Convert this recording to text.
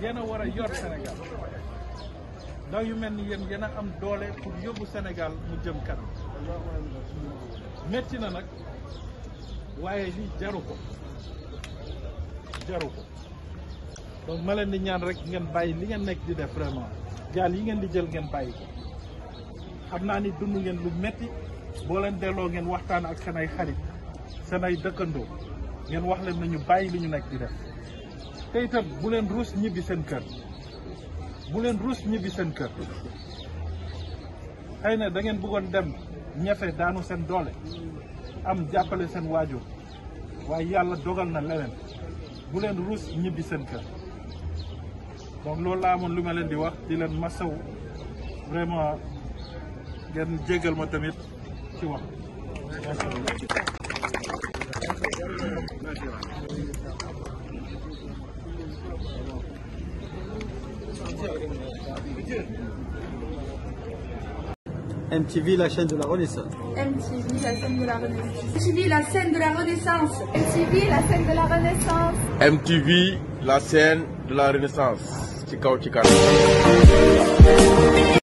yéen a war a yor Sénégal ndaw yu mel ni yéen yéen a am doole pour yóbbu senegal mu jëm kanam métti na nag waaye li jaru ko jaru ko donc ma leen di ñaan rek ngeen bàyyi li ngeen nekk di def vraiment gaal yi ngeen di jël ngeen bàyyi ko xam naa ni dund ngeen lu metti boo leen delloo ngeen waxtaan ak seen ay xarit seen ay dëkkandoo ngeen wax leen nañu bàyyi li ñu nekk di def te itam bu leen ruus ñibbi seen kër bu leen ruus ñibbi seen kër xëy na da ngeen dem ñafe daanu seen doole am jàppale seen waajur waaye yàlla dogal na leneen bu leen ruus ñibbi seen kër donc loolu laa amoon lu ma leen di wax di leen ma sew vraiment ngeen jégal ma tamit ci wax MTV, la chaîne de la Renaissance. MTV, la scène de la Renaissance. MTV, la scène de la Renaissance. MTV, la scène de la Renaissance. MTV, la scène de la Renaissance.